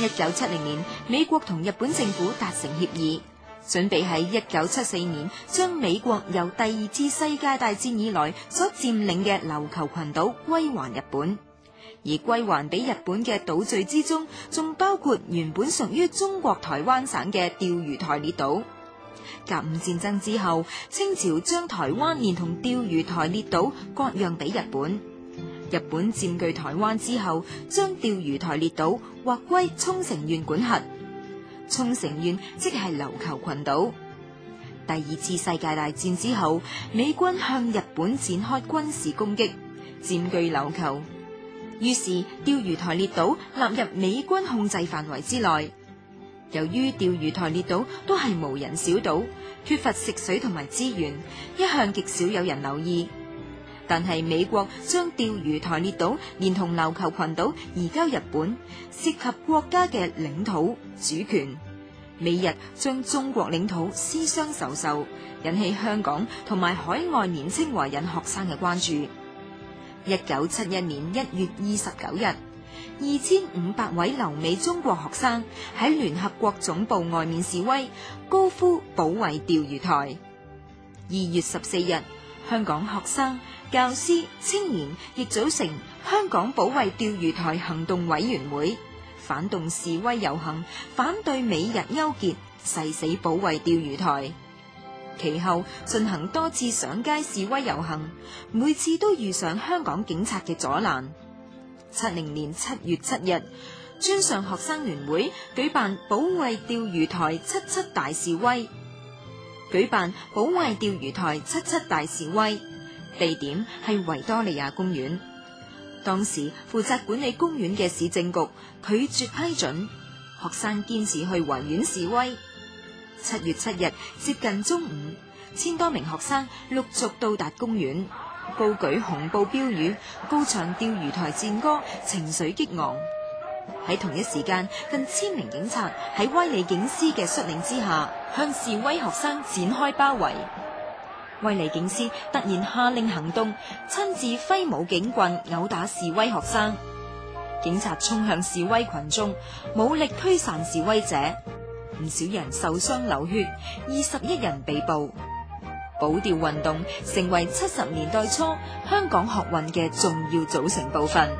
一九七零年，美國同日本政府達成協議，準備喺一九七四年將美國由第二次世界大戰以來所佔領嘅琉球群島歸還日本。而歸還俾日本嘅島嶼之中，仲包括原本屬於中國台灣省嘅釣魚台列島。甲午戰爭之後，清朝將台灣連同釣魚台列島割讓俾日本。日本占據台灣之後，將釣魚台列島劃歸沖繩縣管轄。沖繩縣即係琉球群島。第二次世界大戰之後，美軍向日本展開軍事攻擊，占據琉球。於是釣魚台列島納入美軍控制範圍之內。由於釣魚台列島都係無人小島，缺乏食水同埋資源，一向極少有人留意。但係美國將釣魚台列島連同琉球群島移交日本，涉及國家嘅領土主權。美日將中國領土私相授受，引起香港同埋海外年青華人學生嘅關注。一九七一年一月二十九日，二千五百位留美中國學生喺聯合國總部外面示威，高呼保衛釣魚台。二月十四日，香港學生、教師、青年，亦組成香港保衛釣魚台行動委員會，反動示威遊行，反對美日勾結，誓死保衛釣魚台。其後進行多次上街示威遊行，每次都遇上香港警察嘅阻攔。七零年七月七日，專上學生聯會舉辦保衛釣魚台七七大示威。舉辦保衛釣魚台七七大示威，地點係維多利亞公園。當時負責管理公園嘅市政局拒絕批准，學生堅持去維園示威。七月七日接近中午，千多名學生陸續到達公園，高舉紅布標語，高唱釣魚台戰歌，情緒激昂。喺同一時間，近千名警察喺威利警司嘅率領之下，向示威學生展開包圍。威利警司突然下令行動，親自揮舞警棍毆打示威學生。警察衝向示威群眾，武力驅散示威者，唔少人受傷流血，二十一人被捕。保釣運動成為七十年代初香港學運嘅重要組成部分。